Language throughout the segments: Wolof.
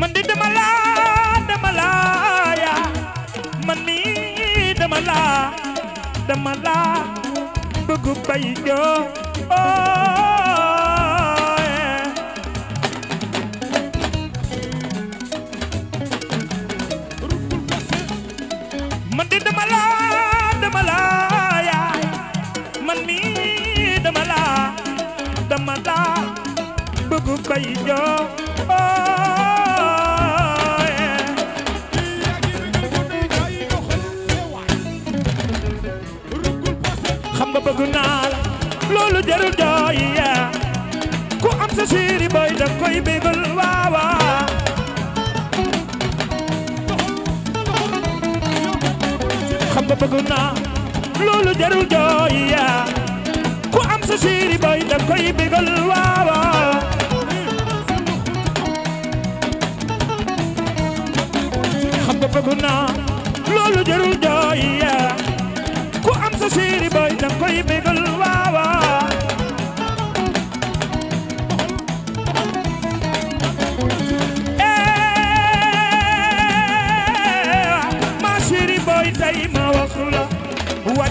man di dama laa dama laa yaa man mi dama laa dama laa bëgg bay joo oh, eh. man di dama laa dama laa yaa man mi dama laa dama laa bëgg bay joo naa la loolu jarul jooy yaa ku am sa siiri boy da koy bégul waawa xam nga bëgg loolu jarul jooy yaa ku am sa siiri boy da koy bégul waawa xam nga bëgg naa loolu jarul jooy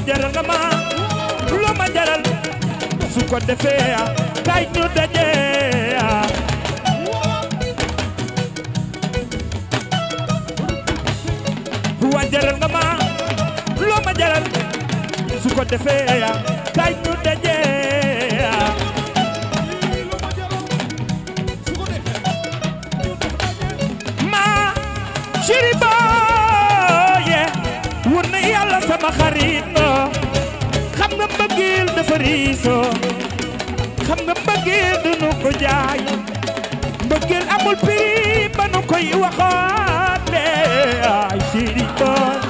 jaral nga ma lu ma jaral su ko defee kay ñu dajee wa jaral nga ma lu ma jaral su ko defee kay ñu dajee ma shiriba ye wun yàlla sama xarit dafa riisoo xam nga mbëggeel du nu ko jaay mbëggeel amul prix ba nu koy waxaat lee ay siri boy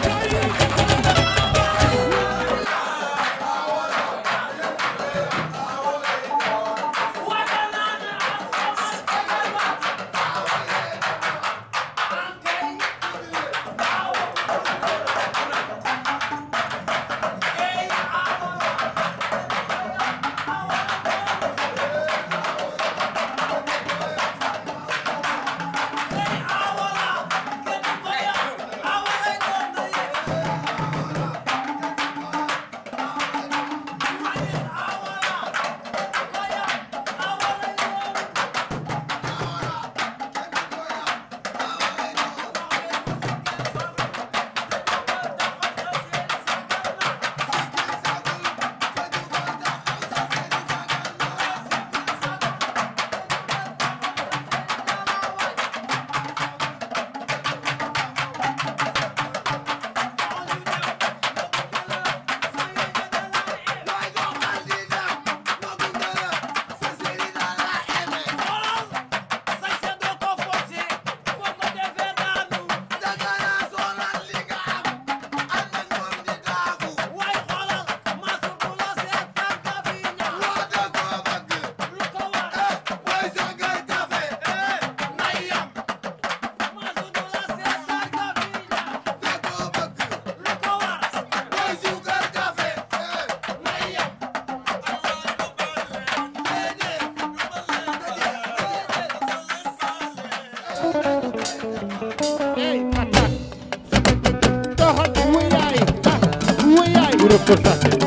puros